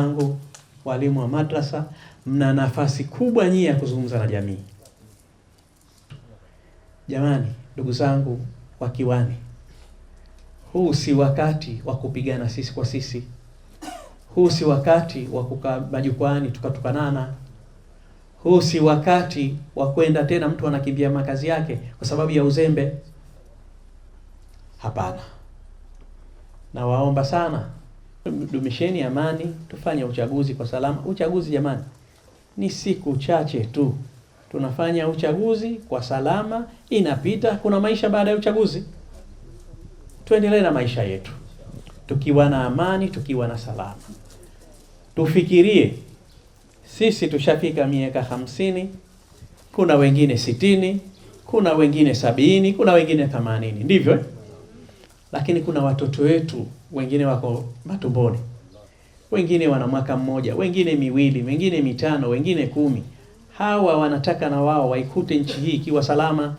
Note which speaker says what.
Speaker 1: zangu walimu wa madrasa, mna nafasi kubwa nyie ya kuzungumza na jamii. Jamani, ndugu zangu wa Kiwani, huu si wakati wa kupigana sisi kwa sisi, huu si wakati wa kukaa majukwani tukatukanana, huu si wakati wa kwenda tena mtu anakimbia makazi yake kwa sababu ya uzembe. Hapana, nawaomba sana Dumisheni amani, tufanye uchaguzi kwa salama. Uchaguzi jamani, ni siku chache tu, tunafanya uchaguzi kwa salama, inapita. Kuna maisha baada ya uchaguzi, tuendelee na maisha yetu tukiwa na amani, tukiwa na salama. Tufikirie sisi tushafika miaka hamsini, kuna wengine sitini, kuna wengine sabini, kuna wengine themanini, ndivyo eh? lakini kuna watoto wetu wengine wako matumboni, wengine wana mwaka mmoja, wengine miwili, wengine mitano, wengine kumi. Hawa wanataka na wao waikute nchi hii ikiwa salama.